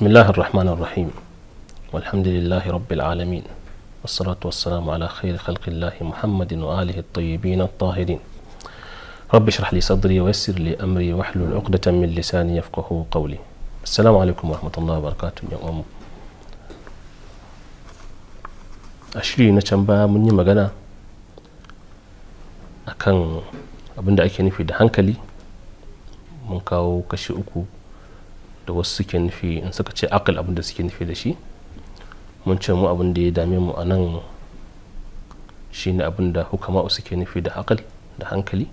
بسم الله الرحمن الرحيم والحمد لله رب العالمين والصلاة والسلام على خير خلق الله محمد وآله الطيبين الطاهرين رب اشرح لي صدري ويسر لي أمري واحلل عقدة من لساني يفقه قولي السلام عليكم ورحمة الله وبركاته يا أم أشري نتنبا من يمغانا أكن abinda ake nufi da hankali mun da wasu suke nufi in suka ce akal abin da suke nufi da shi mun ce mu abin da ya dame mu a nan shine abin da hukama'u suke nufi da akal da hankali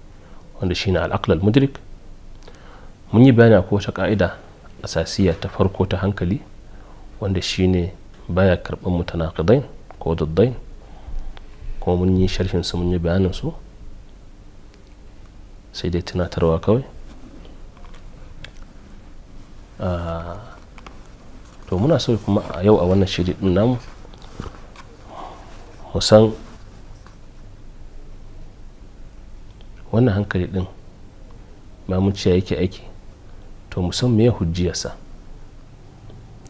wanda shine al'aql al-mudrik mun yi bayani ko wata ka'ida asasiya ta farko ta hankali wanda shine baya karɓar mutanaqidain ko daddain kuma mun yi sharhin su mun yi bayanin su sai dai tunatarwa kawai Ah, to muna so kuma a yau a wannan shiri din namu mu wannan hankali din ciya yake aiki to mu san hujjiyarsa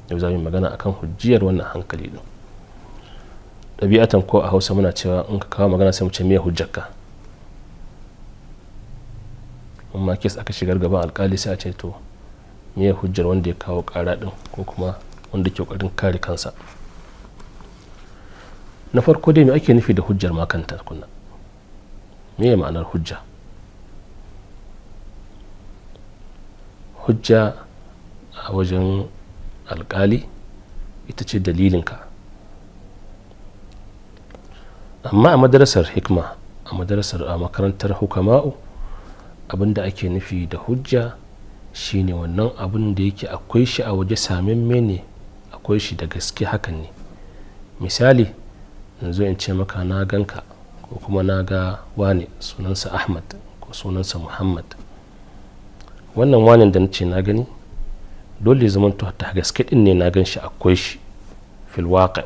yau za mu magana akan hujjiyar wannan hankali din ɗabi'atan ko a hausa muna cewa in ka kawo magana sai mu ce meye hujjarka in ma kes aka shigar gaban alkali sai a ce to ya hujjar wanda ya kawo kara din ko kuma wanda ke kokarin kare kansa na farko dai me ake nufi da hujjar makanta kunna me ma'anar hujja hujja a wajen alkali ita ce dalilinka amma a madarasar hikma a madarasar a makarantar hukama'u abinda ake nufi da hujja shine wannan abun da yake akwai shi a waje samimme ne akwai shi da gaske hakan ne misali yanzu in ce maka na ganka ko kuma na ga wani sunansa ahmad ko sunansa muhammad wannan wanin da na ce na gani dole ya to ta gaske din ne na gan shi akwai shi filwaƙa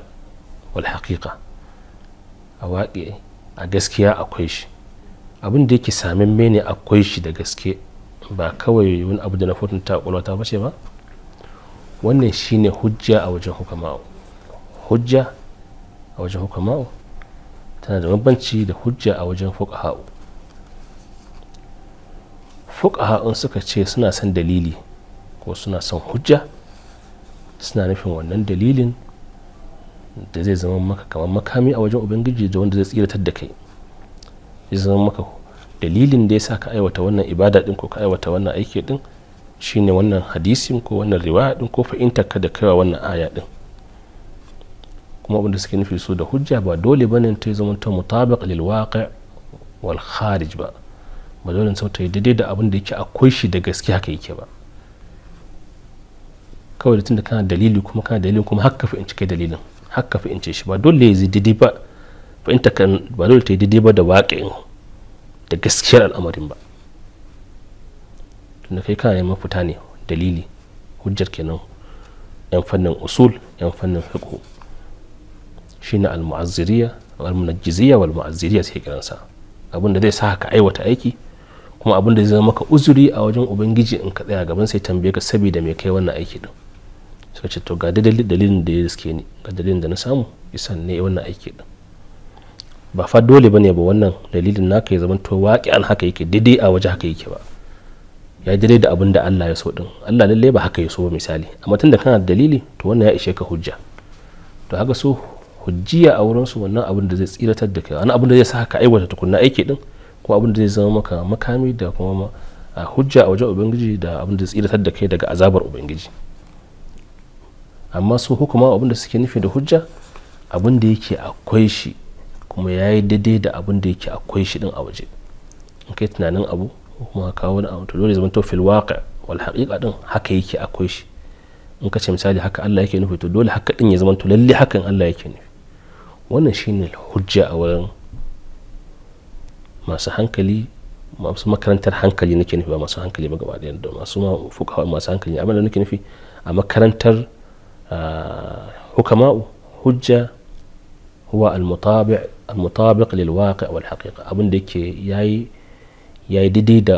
wal haƙiƙa a waƙe a gaskiya akwai shi abin da yake samimme ne akwai shi da gaske ba kawai wani abu da na furta kwakwalwata ba ce ba wannan shine hujja a wajen hukama'u hujja a wajen hukama'u tana da bambanci da hujja a wajen fuqaha'u in suka ce suna son dalili ko suna son hujja suna nufin wannan dalilin da zai zama maka kamar makami a wajen ubangiji da wanda zai tsiratar da kai zai zama maka dalilin da ya sa ka aiwata wannan ibada din ko ka aiwata wannan aiki din shine wannan hadisin ko wannan riwaya din ko fahimtar ka da kaiwa wannan aya din kuma abinda suke nufi so da hujja ba dole bane ta yi zama ta mutabiq lil waqi' wal kharij ba ba dole sau ta yi daidai da abin da yake akwai shi da gaske haka yake ba kawai da tunda kana dalili kuma kana dalilin kuma haka fahimci kai dalilin haka fahimce shi ba dole ya zai daidai ba fahimta ba dole ta yi daidai ba da waƙi'in da gaskiyar al'amarin ba tunda kai kana neman fita ne dalili hujjar kenan yan fannin usul yan fannin fiqh shine al-mu'azziriya al wa wal mu'azziriya sai kiransa abinda zai sa ka aiwata aiki kuma abin da zai zama maka uzuri a wajen ubangiji in ka tsaya gaban sai tambaye ka saboda mai kai wannan aiki din suka ce to ga dalilin da ya riske ni ga dalilin da na samu isan ne wannan aiki din ba fa dole ba ne ba wannan dalilin naka ya zama to waƙi an haka yake daidai a waje haka yake ba ya daidai da abin da Allah ya so din Allah lalle ba haka ya so ba misali amma tunda kana da dalili to wannan ya ishe ka hujja to haka so hujjiya a wurin su wannan abin da zai tsiratar da kai wani abin da zai sa ka aiwata tukunna aiki din ko abin da zai zama maka makami da kuma a hujja a wajen ubangiji da abin da zai tsiratar da kai daga azabar ubangiji amma su hukuma abin da suke nufi da hujja abin da yake akwai shi kuma ya yi daidai da abin da yake akwai shi din a waje in kai tunanin abu kuma kawo wani abu to dole zama to fil waqa wal haqiqa din haka yake akwai shi in ka ce misali haka Allah yake nufi to dole haka din ya zama to lalle hakan Allah yake nufi wannan shine hujja a wurin masu hankali masu makarantar hankali nake nufi ba masu hankali ba gaba da masu fuka masu hankali abin da nake nufi a makarantar ah, hukama'u hujja huwa al-mutabi' mutabiq lil waqi wal haqiqa abin da yake yayi yayi daidai da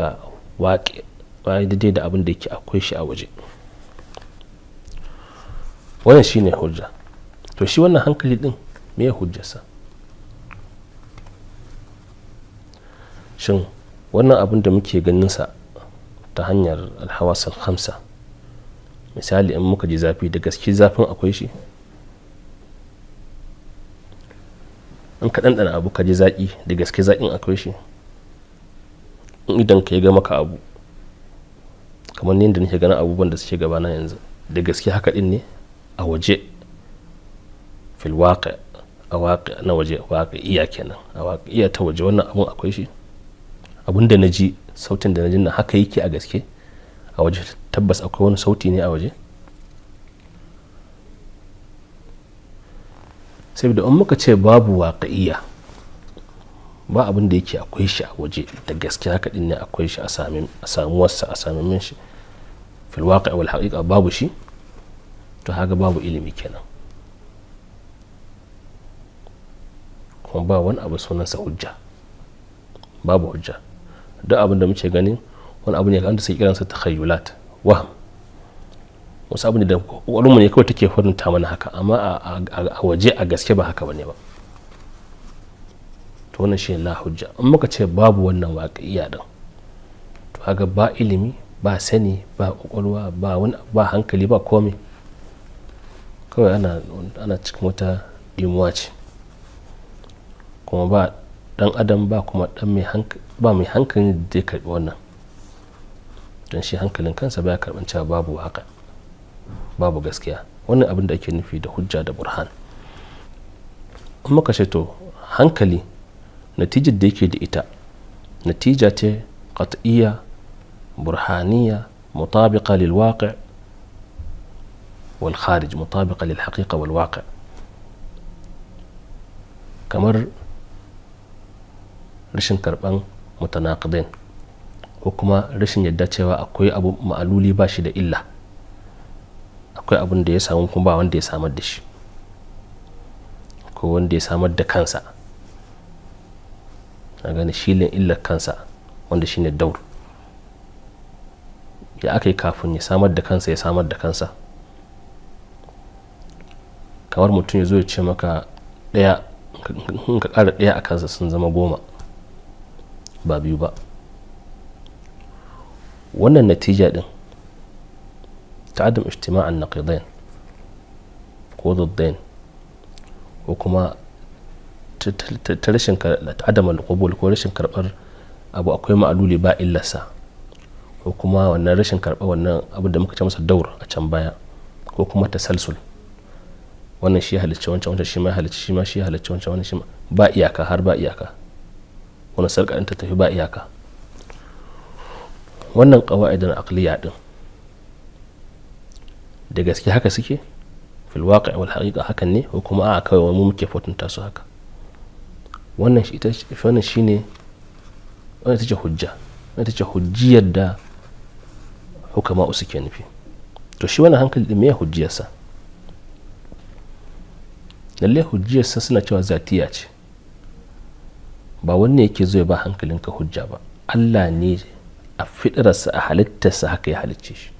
waqi yayi daidai da abin da yake akwai shi a waje wannan shine hujja to shi wannan hankali din me hujjarsa shin wannan abin da muke ganin sa ta hanyar alhawasan hamsa misali in muka ji zafi da gaske zafin akwai shi in ka ɗanɗana abu ka ji zaƙi da gaske zaƙin akwai shi in idan ka yi ga maka abu kamar ni da nake ganin abubuwan da suke gabana yanzu da gaske haka ɗin ne a waje filwaƙa a waka na waje waka iya kenan a waka iya ta waje wannan abun akwai shi abun da na ji sautin da na ji na haka yake a gaske a waje tabbas akwai wani sauti ne a waje saboda in muka ce babu waƙa'iyya ba abin da yake akwai shi a waje da gaske haka din ne akwai shi a samuwarsa a samimin shi fil wal haƙiƙa babu shi to haka babu ilimi kenan kuma ba wani abu sunansa hujja babu hujja duk abin da muke ganin wani abu ne da sai kiransa takhayyulat wahm wasu abu ne da kwakwalwarmu ne kawai take farinta mana haka amma a waje a gaske ba haka bane ba to wannan shi la hujja in muka ce babu wannan waƙiya din to haka ba ilimi ba sani ba kwakwalwa ba wani ba hankali ba komai kawai ana cikin wata dimuwa ce kuma ba dan adam ba kuma dan mai hankali ba mai hankali da ya karbi wannan don shi hankalin kansa baya karɓar cewa babu haka babu gaskiya wannan abin da ake nufi da hujja da burhan amma kashe to hankali natijar da yake da ita natija ce qat'iyya burhaniya mutabiqa lil waqi' wal kharij mutabiqa lil haqiqa wal waqi' kamar rashin karban mutanaqidin ko kuma rashin yadda cewa akwai abu ma'aluli ba shi da illa akwai abin da ya samu kuma ba wanda ya samar da shi ko wanda ya samar da kansa a gane shilin illar kansa wanda shine daur ya aka yi kafin ya samar da kansa ya samar da kansa kamar mutum ya zo ya ce maka ɗaya ka kara ɗaya a kansa sun zama goma ba biyu ba wannan natija din. ta ijtima' an-naqidain ko duddain ko kuma ta rashin adam al-qubul ko rashin karbar abu akwai ma'aluli ba illarsa ko kuma wannan rashin karɓar wannan abu da muka ce masa daur a can baya ko kuma tasalsul wannan shi halicci wancan wancan shi ma halicci shi ma shi halicci wancan wannan shi ba iyaka har ba iyaka wannan sarƙarin ta tafi ba iyaka wannan ƙawa'idan aqliya din da gaske haka suke filwaƙa wal haƙiƙa hakan ne ko kuma a kawai wani muke fotunta su haka wannan shi ne wannan ita ce hujja wannan ita ce hujjiyar da hukama usu ke nufi to shi wannan hankali da me hujjiyarsa lalle hujjiyarsa suna cewa zatiya ce ba wanne yake zo ya ba hankalinka hujja ba allah ne a fidararsa a halittarsa haka ya halicce shi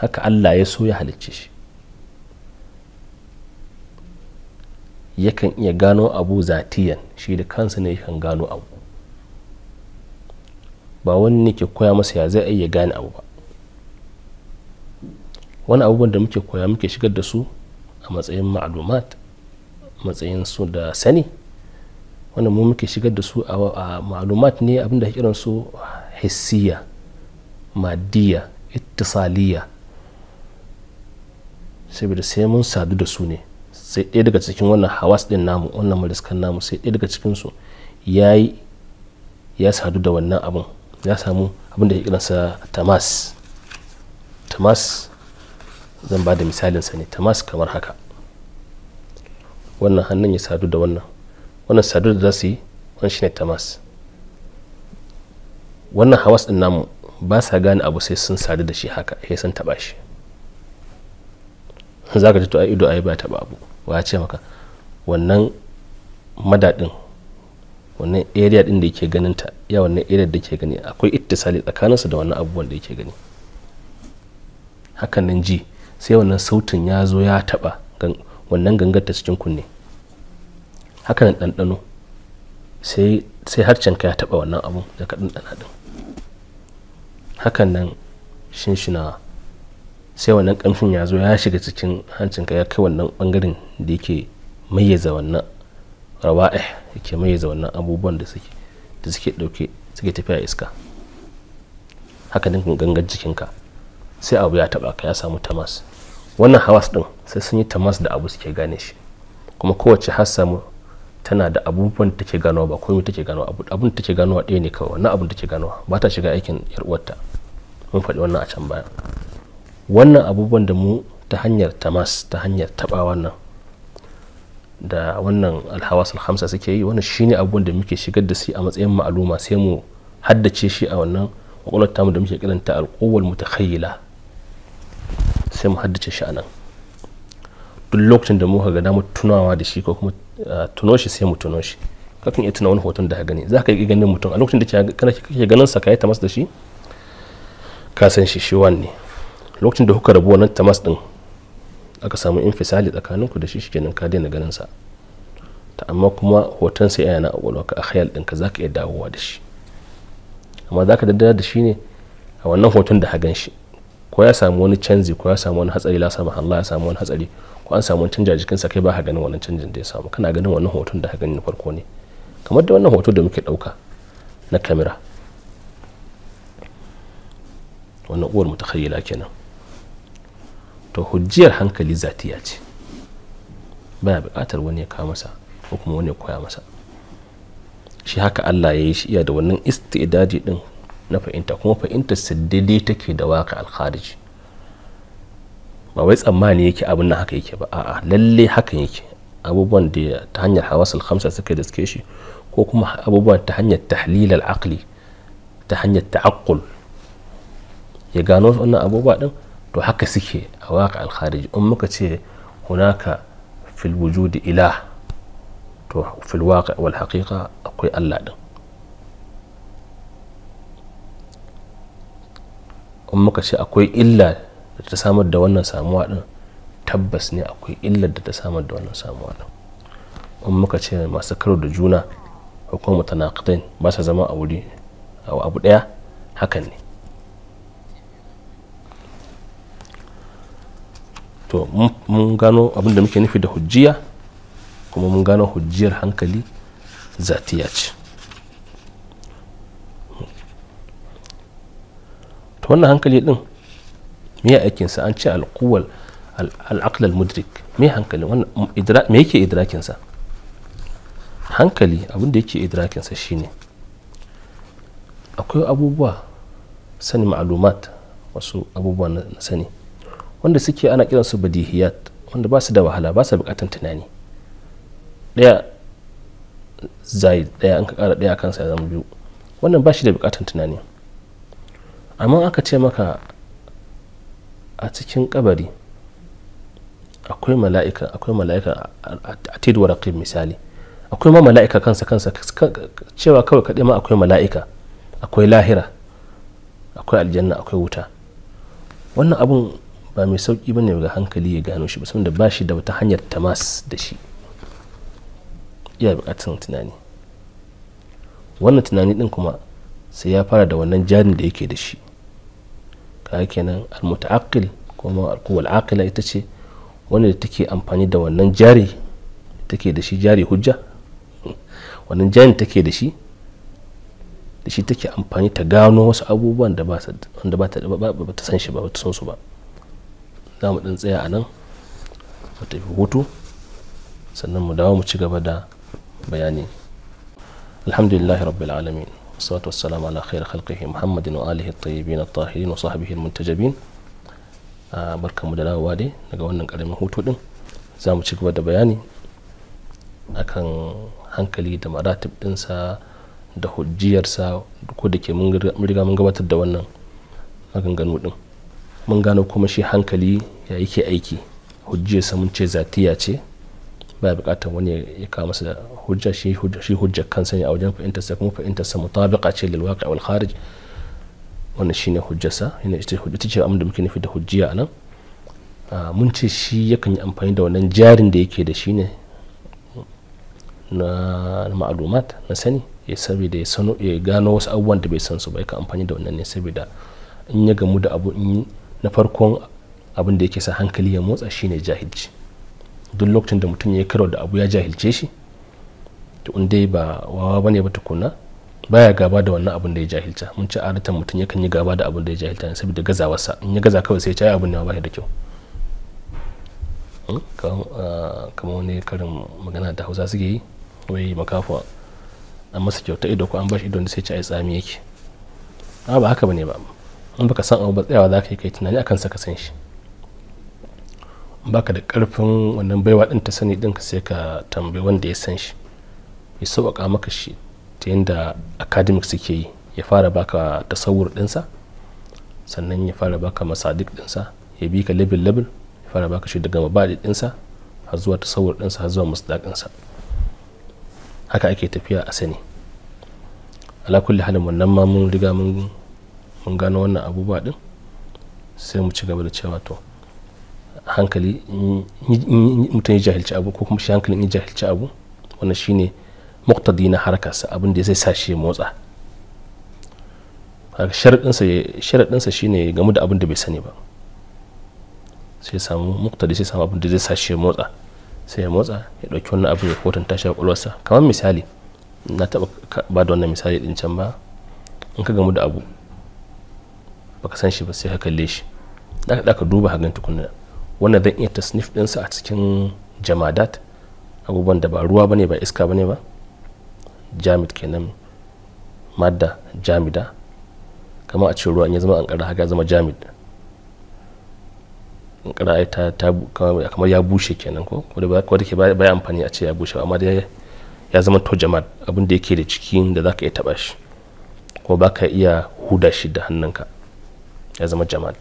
haka Allah ya so ya halicce shi yakan iya gano abu zatiyan shi da kansa ne yakan gano abu ba wani ne ke koya masa ya zai iya gane abu ba wani abubuwan da muke koya muke shigar da su a matsayin ma'alumat matsayin su da sani wanda mu muke shigar da su a malumat ne abinda kiran su hissiya madiya ittisaliya saboda sai mun sadu da su ne sai ɗaya daga cikin wannan hawas ɗin namu wannan mariskan namu sai ɗaya daga cikinsu ya yi ya sadu da wannan abin ya samu abin da ya kiransa tamas tamas zan ba da misalinsa ne tamas kamar haka wannan hannun ya sadu da wannan wannan sadu da za su yi wannan shine tamas wannan hawas ɗin namu ba sa gane abu sai sun sadu da shi haka sai sun taɓa shi za ka ji a ido a yi ba ta abu wa ce maka wannan madadin wannan area din da yake ganin ta ya wannan area da yake gani akwai ittisali tsakaninsa da wannan abubuwan da yake gani hakan nan ji sai wannan sautin ya zo ya taba wannan gangar ta cikin kunne hakan nan ɗanɗano sai sai ka ya taba wannan abun da ka ɗanɗana din hakan nan shinshinawa sai wannan kamfin ya zo ya shiga cikin hancinka ya kai wannan bangaren da yake mayyaza wannan rawa'ih yake mayyaza wannan abubuwan da suke da suke dauke suke tafiya iska haka din gangar jikinka sai abu ya taba ka ya samu tamas wannan hawas din sai sun yi tamas da abu suke gane shi kuma kowace hassamu tana da abubuwan da take ganowa ba komai take ganowa abun da take ganowa ɗaya ne kawai wannan abun da take ganowa ba ta shiga aikin yar uwarta mun faɗi wannan a can baya wannan abubuwan da mu ta hanyar tamas ta hanyar taba wannan da wannan alhawas hamsa suke yi wannan shine abubuwan da muke shigar da su a matsayin ma'aluma sai mu haddace shi a wannan kwakwalwar tamu da muke kiranta ta mutakhayyila sai mu haddace shi a nan duk lokacin da muka ga damar tunawa da shi ko kuma tuno shi sai mu tuno shi kakan iya tuna wani hoton da ka gani za ka yi ganin mutum a lokacin da kake ganin sa ka yi tamas da shi ka san shi shi wanne lokacin da kuka rabu wannan tamas din aka samu infisali tsakaninku da shi shikenan ka daina ganin sa ta amma kuma hoton sai yana a kwakwalwarka a khayal din ka zaka iya dawowa da shi amma zaka ka daddara da shi ne a wannan hoton da hagan shi ko ya samu wani canji ko ya samu wani hatsari la samu Allah ya samu wani hatsari ko an samu wani jikin jikinsa kai ba ka ganin wannan canjin da ya samu kana ganin wannan hoton da ka gani farko ne kamar da wannan hoto da muke ɗauka na kamera wannan uwar mutakhayyila kenan to hujjiyar hankali zatiya ce baya bukatar wani ya kawo masa ko kuma wani ya koya masa shi haka Allah ya yi shi iya da wannan istidadi din na fahimta kuma fahimta daidai take da waka alkhariji ba wai tsammani yake abin nan haka yake ba a'a lalle hakan yake abubuwan da ta hanyar hawasul khamsa suka suke shi ko kuma abubuwan ta hanyar tahlil al ta hanyar ta'aqqul ya gano wannan abubuwa din to haka suke a waka alkhariji in muka ce hunaka fil wujudi ilah to fil waka wal haqiqa akwai Allah din in muka ce akwai illa da ta samar da wannan samuwa din tabbas ne akwai illa da ta samar da wannan samuwa din in muka ce masu karo da juna hukumar tanaqidain ba sa zama a wuri abu daya hakan ne to mun gano abin da muke nufi da hujjiya kuma mun gano hujjiyar hankali zatiya ce to wannan hankali din me sa an ce alkuwal al'aql al-mudrik me hankali wannan me yake sa hankali abin da yake sa shine akwai abubuwa sani ma'alumat wasu abubuwa na sani wanda suke ana kiransu badihiyat wanda ba su da wahala ba su bukatan tunani daya zai daya an ka kara daya kansa ya zama biyu wannan ba shi da bukatan tunani amma aka ce maka a cikin kabari akwai mala'ika akwai mala'ika a tidwar misali akwai ma mala'ika kansa kansa cewa kawai kaɗai ma akwai mala'ika akwai lahira akwai aljanna akwai wuta wannan abun ba mai sauki ne ga hankali ya gano shi ba saboda ba shi da wata hanyar tamas da shi iya bukatun tunani wannan tunani din kuma sai ya fara da wannan jarin da yake da shi kaga kenan almuta'aqqil kuma alquwal aqila ita ce wanda da take amfani da wannan jari take da shi jari hujja wannan jarin take da shi da shi take amfani ta gano wasu abubuwan da ba ta san shi ba ba ta san su ba za mu ɗan tsaya a nan mu tafi hutu sannan mu dawo mu ci gaba da bayani alhamdulillahi rabbil alamin muhammadin wa alihi خير خلقه محمد وآله الطيبين الطاهرين وصحبه a barkan mu da dawowa dai daga wannan karamin hutu din za mu ci gaba da bayani akan hankali da maratib dinsa da hujjiyarsa ko da ke mun riga mun gabatar da wannan maganganu din mun gano kuma shi hankali ya yake aiki hujjarsa mun ce zatiya ce ba bukatar wani ya kawo masa hujja shi hujjar kansa ne a wajen fahimtarsa kuma fahimtarsa mutabiqa ce lil waqi wal kharij wannan shine hujjarsa yana ita hujjata ce amma da muke nufi da hujjiya anan mun ce shi yakan yi amfani da wannan jarin da yake da shi ne na ma'alumat na sani ya saboda ya sano ya gano wasu abubuwan da bai san su ba yakan amfani da wannan ne saboda in ya gamu da abu in na farkon abin da yake sa hankali ya motsa shine jahilci duk lokacin da mutum ya karo da abu ya jahilce shi to in dai ba wawa bane ba tukuna baya gaba da wannan abin da ya jahilta mun ci aratan mutum kan yi gaba da abin da ya jahilta ne saboda gazawarsa in ya gaza kawai sai ya ci abin da ba da kyau hmm? kamar ah, wani karin magana da hausa suke yi wai makafa an masa kyauta ido ko an bashi ido sai ci a tsami yake ah, ba haka ba ne ba in baka san abu ba tsayawa za ka yi kai tunani akan saka san shi baka da karfin wannan baiwa din ta sani din ka sai ka tambayi wanda ya san shi ya sauƙaƙa maka shi ta yadda academic suke yi ya fara baka tasawur dinsa sannan ya fara baka masadik dinsa ya bi ka level level ya fara baka shi daga mabadi dinsa har zuwa tasawur dinsa har zuwa musdaƙinsa haka ake tafiya a sani ala kulli halin wannan ma mun riga mun mun gano wannan abubuwa din sai mu ci gaba da cewa to hankali mutum ya jahilci abu ko kuma shi hankali ya jahilci abu wannan shine muktadi na harkarsa abin da zai sa shi motsa sharaɗinsa shine ya gamu da abin da bai sani ba sai samu muktadi sai samu abin da zai sa shi motsa sai ya motsa ya ɗauki wannan abu ya kwatanta shi a ƙwaƙwalwarsa kamar misali na taɓa ba da wannan misali ɗin can ba in ka gamu da abu baka san shi ba sai ka kalle shi da ka duba hagan tukunna wannan zan iya tasnif ɗinsa a cikin jamadat abubuwan da ba ruwa bane ba iska bane ba jamid kenan madda jamida kamar a ce ruwa in ya zama kara haka zama jamid ankara ai ta kamar ya bushe kenan ko wadda ke ya amfani a ce ya bushe amma dai ya zama to jamad abin da yake da cikin da zaka iya taba shi ko baka iya huda shi da hannunka ya zama jamad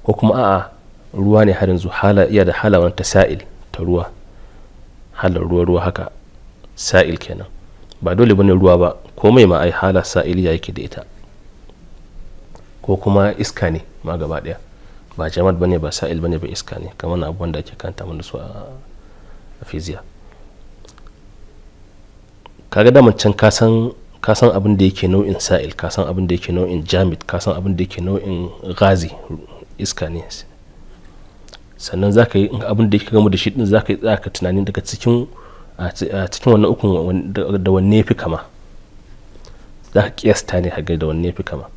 ko kuma a'a ruwa ne har yanzu hala iya da hala wani sa'il ta ruwa halar ruwa ruwa haka sa'il kenan ba dole bane ruwa ba ko mai ma ai hala sa'il ya yake da ita ko kuma iska ne ma gaba daya ba jama'at bane ba sa'il bane ba iska ne kamar abubuwan da ake kanta mana su a fiziya kaga daman can ka san ka san abin da yake nau'in sa'il ka san abin da yake nau'in jamit ka san abin da yake nau'in gazi iska ne sannan za ka yi abin da yake gamu da shi din za ka yi tsaka tunanin daga cikin a cikin wannan ukun da wanne fi kama za ka kiyasta ne haga da wanne fi kama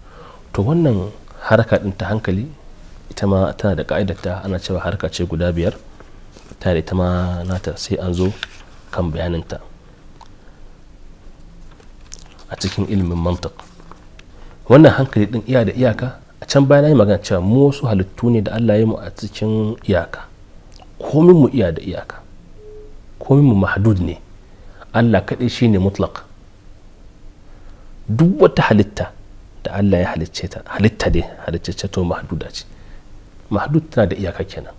to wannan haraka din ta hankali ita ma tana da ta ana cewa haraka ce guda biyar tare ita ma nata sai an zo kan bayaninta a cikin ilimin mantiq wannan hankali din iya da iyaka a can bayan yi magana cewa mu wasu halittu ne da Allah ya mu a cikin iyaka komin mu iya da iyaka komin mu mahdud ne Allah kaɗai shi ne mutlaq duk wata halitta da Allah ya halicce ta halitta dai halicce to mahduda ce mahdud tana da iyaka kenan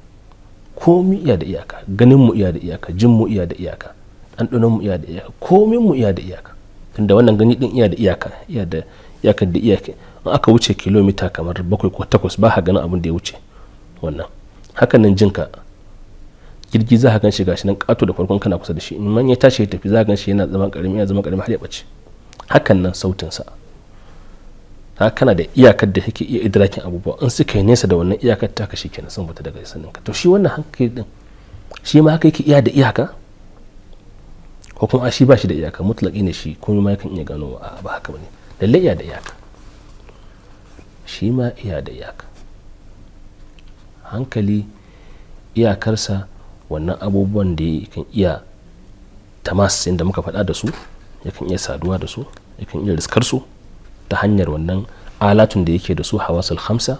komi iya da iyaka ganin mu iya da iyaka jin mu iya da iyaka ɗanɗanon mu iya da iyaka komin mu iya da iyaka tunda wannan gani din iya da iyaka iya da iyakar da iyaka in aka wuce kilomita kamar bakwai ko takwas ba ka ganin abin da ya wuce wannan hakan nan jinka jirgi za ka gan shi gashi nan kato da farkon kana kusa da shi in ya tashi ya tafi za ka gan shi yana zama karami yana zama karami har ya bace hakan nan sautin sa ta kana da iyakar da kake iya idrakin abubuwa in suka yi nesa da wannan iyakar ta ka shi kenan sun fita daga sanin ka to shi wannan hankali din shi ma haka yake iya da iyaka ko kuma shi ba shi da iyaka mutlaki ne shi kuma ma yakan iya gano a ba haka bane lalle iya da iyaka shi ma iya da iyaka hankali iyakarsa wannan abubuwan da yakan iya tamas da muka faɗa da su yakan iya saduwa da su yakan iya riskar su ta hanyar wannan alatun da yake da su hawasul hamsa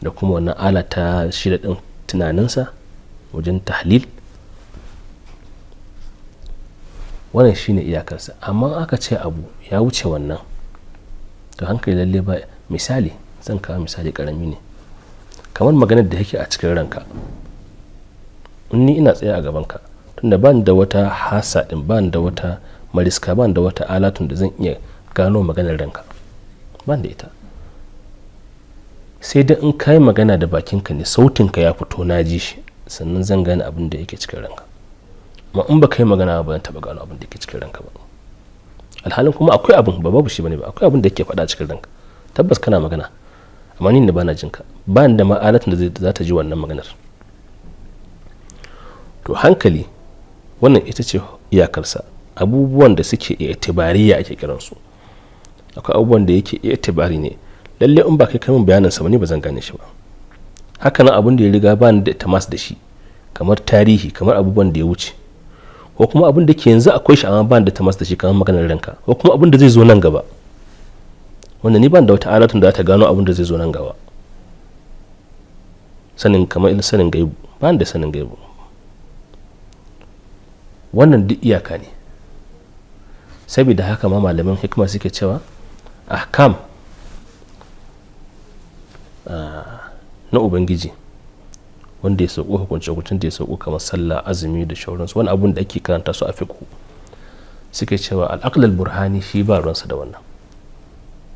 da kuma wannan ala ta shida din tunaninsa wajen tahlil wannan shine iyakarsa amma aka ce abu ya wuce wannan to hankali lalle ba misali zan kawo misali karami ne kamar maganar da yake a cikin ranka in ni ina tsaye a gabanka tunda ba da wata hasa din ba da wata mariska ba da wata alatun da zan iya gano maganar ranka ba da ita sai dai in kai magana da bakinka ne sautinka ya fito na ji shi sannan zan gane abin da yake cikin ranka amma in baka yi magana ba zan taɓa gano abin da ke cikin ranka ba alhalin kuma akwai abin ba babu shi bane ba akwai abin da yake faɗa cikin ranka tabbas kana magana amma ni ba bana jinka ba ni da ma'alatin da za ta ji wannan maganar to hankali wannan ita ce iyakarsa abubuwan da suke itibariya ake kiransu akwai abubuwan da yake tabari ne lalle in ba kai kamin bayanin sa ne ba zan gane shi ba hakanan nan abin da ya riga ba ni da tamas da shi kamar tarihi kamar abubuwan da ya wuce ko kuma abin da ke yanzu akwai shi amma ban da tamas da shi kamar maganar ranka ko kuma abin da zai zo nan gaba wanda ni ban da wata alatun da ta gano abin da zai zo nan gaba sanin kamar ilin sanin gaibu ban da sanin gaibu wannan duk iyaka ne saboda haka ma malamin hikima suke cewa ahkam ah, na ubangiji wanda ya sauko hukunce hukuncin da ya sauko kamar sallah azumi da shauransu wani abun da ake karanta su a fiku suke cewa al burhani shi ba ruwansa da wannan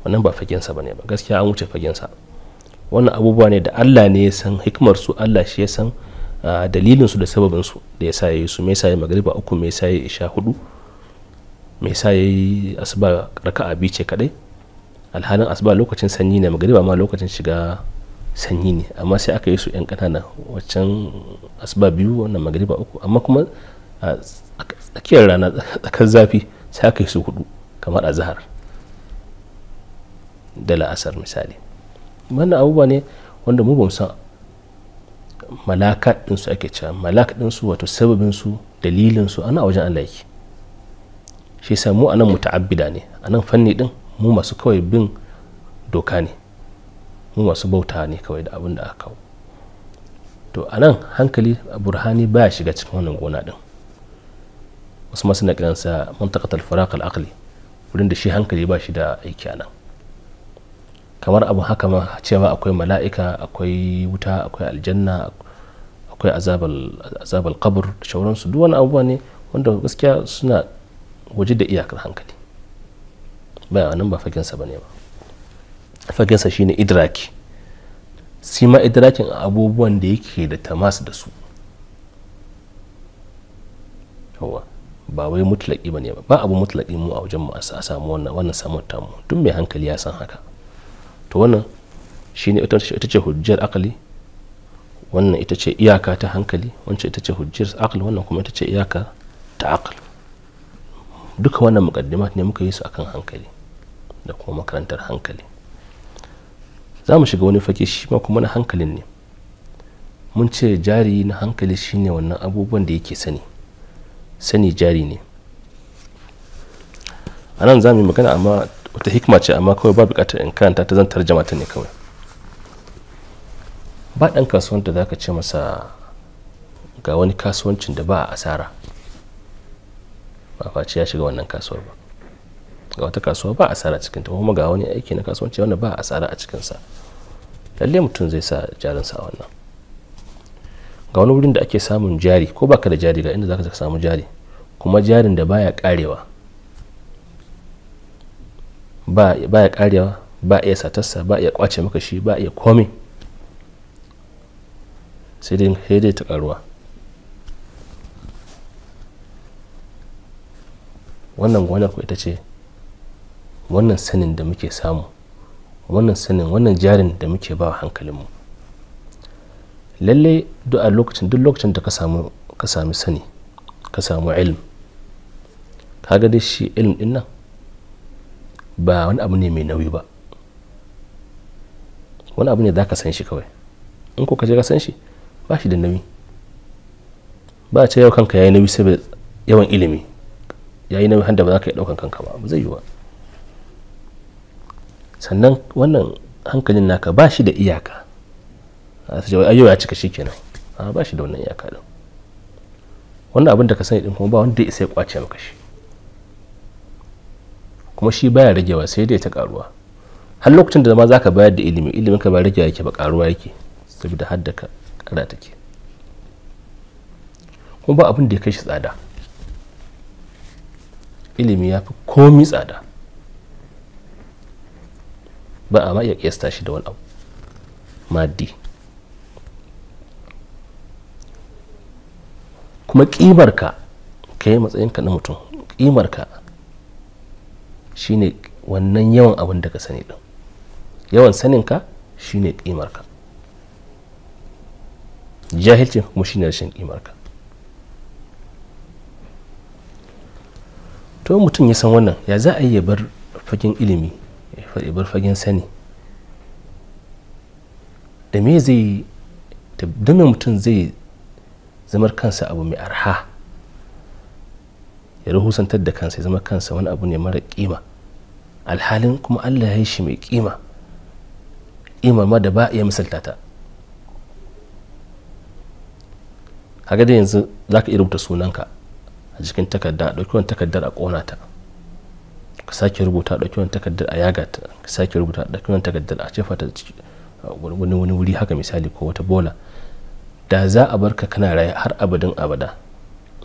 wannan ba fagensa ne ba gaskiya an wuce fagensa wannan abubuwa ne da Allah ne ya san hikmar su Allah shi ya san dalilin su da sababin su da sa yayi su me yasa yayi magriba uku me yasa yayi isha hudu me yasa yayi asuba raka'a biyu ce kadai alhalin asuba lokacin sanyi ne magriba ma lokacin shiga sanyi ne amma sai aka yi su 'yan ƙanana waccan asuba biyu wannan magariba uku amma kuma a tsakiyar rana tsakar zafi sai aka yi su hudu kamar a zahar da la'asar misali wannan abubuwa ne wanda mu bamu san malaka ɗinsu ake cewa malaka su wato sababinsu dalilinsu ana wajen Allah yake shi yasa mu anan muta'abbida ne anan fanni din mu masu kawai bin doka ne mu masu bauta ne kawai da abin da aka kawo to a nan hankali burhani baya shiga cikin wannan gona din wasu masu na kiransa mantakat alfaraq akali wurin da shi hankali ba shi da aiki a nan kamar abu haka ma cewa akwai mala'ika akwai wuta akwai aljanna akwai azabal kabur da shauransu duk wani abubuwa ne wanda gaskiya suna waje da iyakar hankali baya nan ba fagensa ba ne ba fagensa shine idraki si ma idrakin abubuwan da yake da tamas da su ba wai mutlaki ba ne ba ba abu mutlaki mu a wajen mu a samu wannan wannan samun tamu duk mai hankali ya san haka to wannan shine ita ce hujjar akali wannan ita ce iyaka ta hankali wancan ita ce hujjar akali wannan kuma ita ce iyaka ta akali duka wannan mukaddimat ne muka yi su akan hankali da kuma makarantar hankali za mu shiga wani fage shi ma kuma na hankalin ne mun ce jari na hankali shine wannan abubuwan da yake sani sani jari ne a nan za mu yi magana amma wata hikima ce amma kawai ba bukatar in karanta ta zan tarjama ne kawai ba ɗan kasuwan da zaka ce masa ga wani kasuwancin da ba a asara ba face ya shiga wannan kasuwar ba ga wata kasuwa ba asara cikin ta kuma ga wani aiki na kasuwanci wanda ba asara a cikinsa lalle mutum zai sa jarinsa a wannan ga wani wurin da ake samun jari ko baka da jari ga inda zaka samu jari kuma jarin da baya karewa ba ya karewa ba iya satarsa ba iya kwace maka shi ba iya komai sai dai ta karuwa wannan gonar ku ita ce wannan sanin da muke samu wannan sanin wannan jarin da muke ba hankalinmu lalle duk a lokacin duk lokacin da ka samu sami sani ka samu ilm kaga dai shi ilm din nan ba wani abu ne mai nauyi ba wani abu ne za ka san shi kawai in ko ka je ka san shi ba shi da nauyi ba a ce yau kanka ya yi nauyi sai yawan ilimi ya yi nauyi handa ba za ka yi ɗaukan kanka ba ba zai yi ba sannan wannan hankalin naka ba shi da iyaka a su ya cika shi kenan a ba shi da wannan iyaka din wannan abin da ka sani din kuma ba wanda ya isa ya kwace maka shi kuma shi baya ragewa sai dai ta karuwa har lokacin da zama za ka bayar da ilimi ilimin ka ba ragewa yake ba karuwa yake saboda haddaka kara take kuma ba abin da ya kai shi tsada ilimi ya fi komi tsada ba a ma iya kiyasta shi da wani abu maddi kuma ƙimarka ka yi matsayinka na mutum ƙimarka shine wannan yawan abin da ka sani ɗin yawan saninka shine ƙimarka jahilcin kuma shine rashin ƙimarka to mutum ya san wannan ya za a yi ya bar fagen ilimi ya fagen sani da me zai da me mutum zai zamar kansa abu mai arha ya rahusantar da kansa ya zama kansa wani abu ne mara kima alhalin kuma allah ya shi mai kima kimar ma da ba iya misalta ta kaga da yanzu za ka iya rubuta sunanka a jikin takarda ɗauki wani takardar a ƙona ta sake rubuta ɗauki wani takardar a yaga ta sake rubuta ɗauki wani takardar a cefa ta wani wani wuri haka misali ko wata bola da za a bar ka kana raya har abadin abada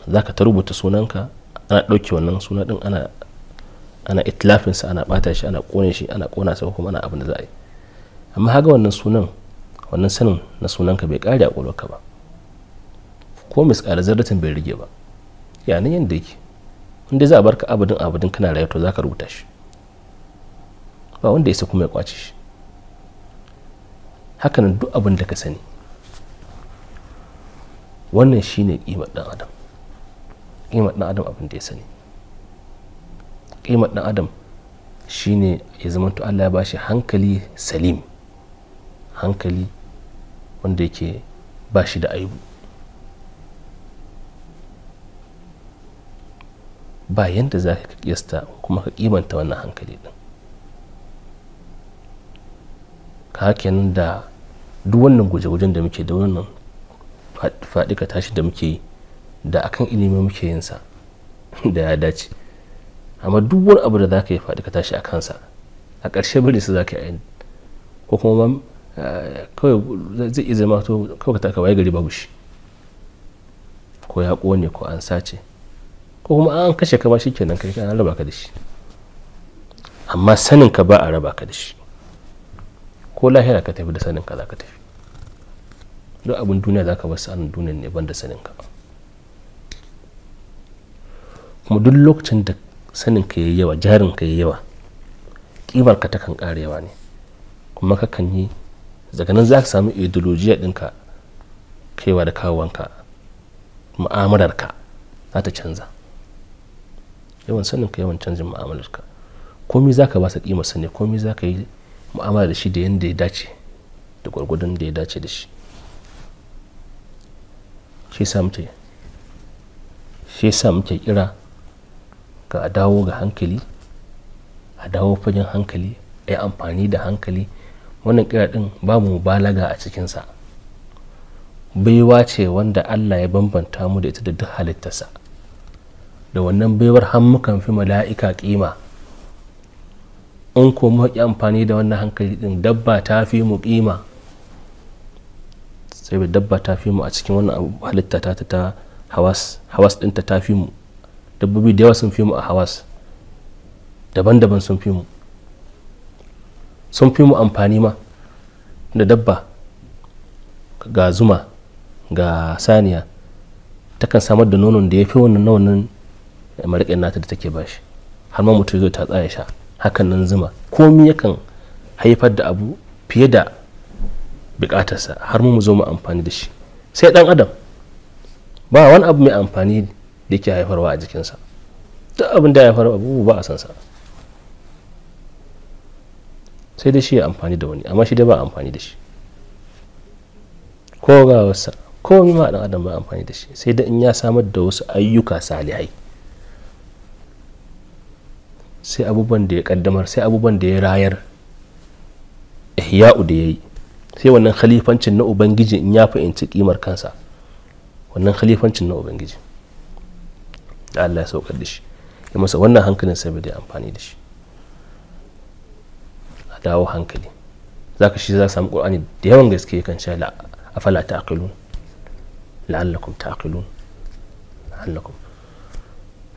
za ka ta rubuta sunanka ana ɗauke wannan suna ɗin ana ana itlafinsa ana ɓata shi ana ƙone shi ana ƙona sa kuma ana abin da za a yi amma haga wannan sunan wannan sanin na sunanka bai kare a ƙwaƙwalwarka ba ko misƙalar zarratin bai rige ba yanayin da yake inda za a barka abudin abudin kana rayu to za ka rubuta shi ba wanda ya kuma ya kwace shi hakanan duk abin da ka sani wannan shine kimar dan adam kimar dan adam abin da ya sani kimar dan adam shine ya zamanto Allah ya bashi hankali salim hankali wanda yake ba shi da aibu ba yadda za ka kiyasta kuma ka kimanta wannan hankali din ka kenan da duk wannan guje-gujen da muke da wannan faɗika tashi da muke da akan ilimi muke yin sa da ya dace amma duk wani abu da za ka yi faɗika tashi a kansa a ƙarshe bari su za ka yi ko kuma eh, kawai zai iya zama to kawai ka taka waye gari babu shi ko ya ƙone ko an sace ko kuma an kashe ka ba shi kenan kai an raba ka da shi amma sanin ka ba a raba ka da shi ko lahira ka tafi da sanin ka za ka tafi duk abin duniya za ka bar sanin duniya ne ban da sanin ka kuma duk lokacin da sanin ka yayi yawa jarin ka yayi yawa kimar ka takan karewa ne kuma kakan yi zaganin za ka samu ideologiya ɗinka kaiwa da kawowanka mu'amalarka za ta canza yawan sanin ka yawan canjin mu'amalar komai za zaka ba sa kimar sani komai komai zaka yi mu'amala da shi da yanda ya dace da gwargwadon da ya dace da shi shi sa muke shi sa muke kira ga a dawo ga hankali a dawo fagen hankali a yi amfani da hankali wannan kira din babu mubalaga a cikinsa baiwa ce wanda allah ya bambanta mu da ita da duk halittarsa da wannan baiwar har kan fi mala'ika kima in ko muka haƙi amfani da wannan hankali din dabba ta fi mu kima sai dabba ta fi mu a cikin wannan halitta ta ta hawas hawas dinta ta fi mu dabbobi da yawa sun fi mu a hawas daban-daban sun fi mu sun fi mu amfani ma da dabba ga zuma ga saniya takan samar da nonon da ya fi wannan na wannan marikin nata da take bashi har ma mutum zai ta tsaya sha hakan nan zuma komi yakan haifar da abu fiye da bukatarsa har mu zo mu amfani da shi sai dan adam ba wani abu mai amfani da yake haifarwa a jikinsa duk abin da ya haifar abu ba a san sa sai dai shi ya amfani da wani amma shi dai ba amfani da shi ko ga wasa ko ma dan adam ba amfani da shi sai dai in ya samar da wasu ayyuka salihai sai abubuwan da ya kaddamar sai abubuwan da ya rayar ihya'u da ya yi sai wannan khalifancin na ubangiji in ya fahimci kimar kansa wannan khalifancin na ubangiji da Allah ya saukar da shi ya masa wannan hankalin sabida ya amfani da shi a dawo hankali za ka shi za samu qur'ani da yawan gaske kan sha la afala taqilun la'allakum taqilun la'allakum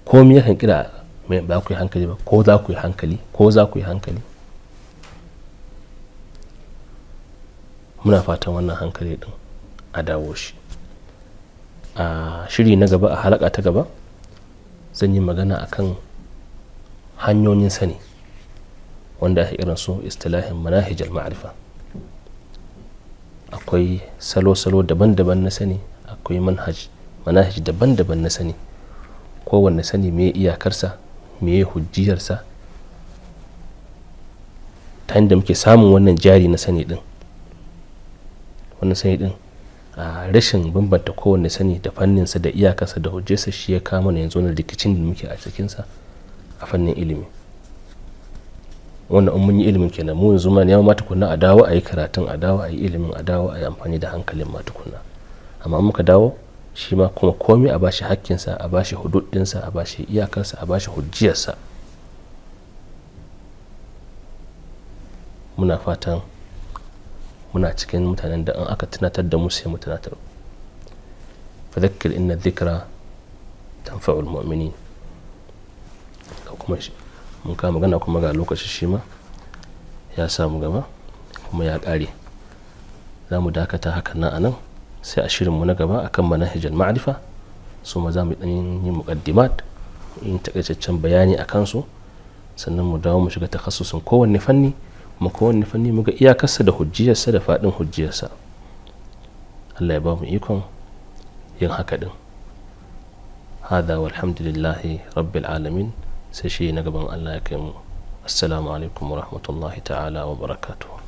komai yakan kira ba ku yi hankali ba ko za ku yi hankali ko za ku yi hankali muna fatan wannan hankali din a dawo shi a shiri na gaba a halaka ta gaba zan yi magana akan hanyoyin sani wanda ake irin su istilahin manahijar ma'arifa akwai salo-salo daban-daban na sani akwai manhaj manahij daban-daban na sani kowanne sani mai iyakarsa meye hujjiyarsa ta yadda muke samun wannan jari na sani din wannan sani din a rashin bambanta kowane sani da fanninsa da iyakarsa da hujjarsa shi ya kama na yanzu wani rikicin da muke a cikinsa a fannin ilimi wannan mun yi ilimin kenan mu yanzu ma ne ma a dawo a yi karatun a dawo a yi ilimin a dawo a yi amfani da hankalin ma amma muka dawo shi ma kuma komai a bashi hakkinsa a bashi hududinsa a bashi iyakarsa a bashi hujjiyarsa muna fatan muna cikin mutanen da an aka tunatar da musu ya mu tunatar fadakir inna dhikra tanfa'ul mu'minin kuma mun kama magana kuma ga lokaci shi ma ya samu gama kuma ya kare za mu dakata hakan nan a nan sai a shirinmu na gaba akan manhajar ma'arifa su ma za mu yi muƙaddimat in takaitaccen bayani a kansu sannan mu dawo mu shiga takassusin kowanne fanni mu kowanne fanni mu ga iyakarsa da hujjiyarsa da faɗin hujjiyarsa Allah ya ba mu ikon yin haka din hada walhamdulillahi rabbil alamin sai shi na gaban Allah ya kai mu assalamu alaikum wa rahmatullahi ta'ala wa barakatuh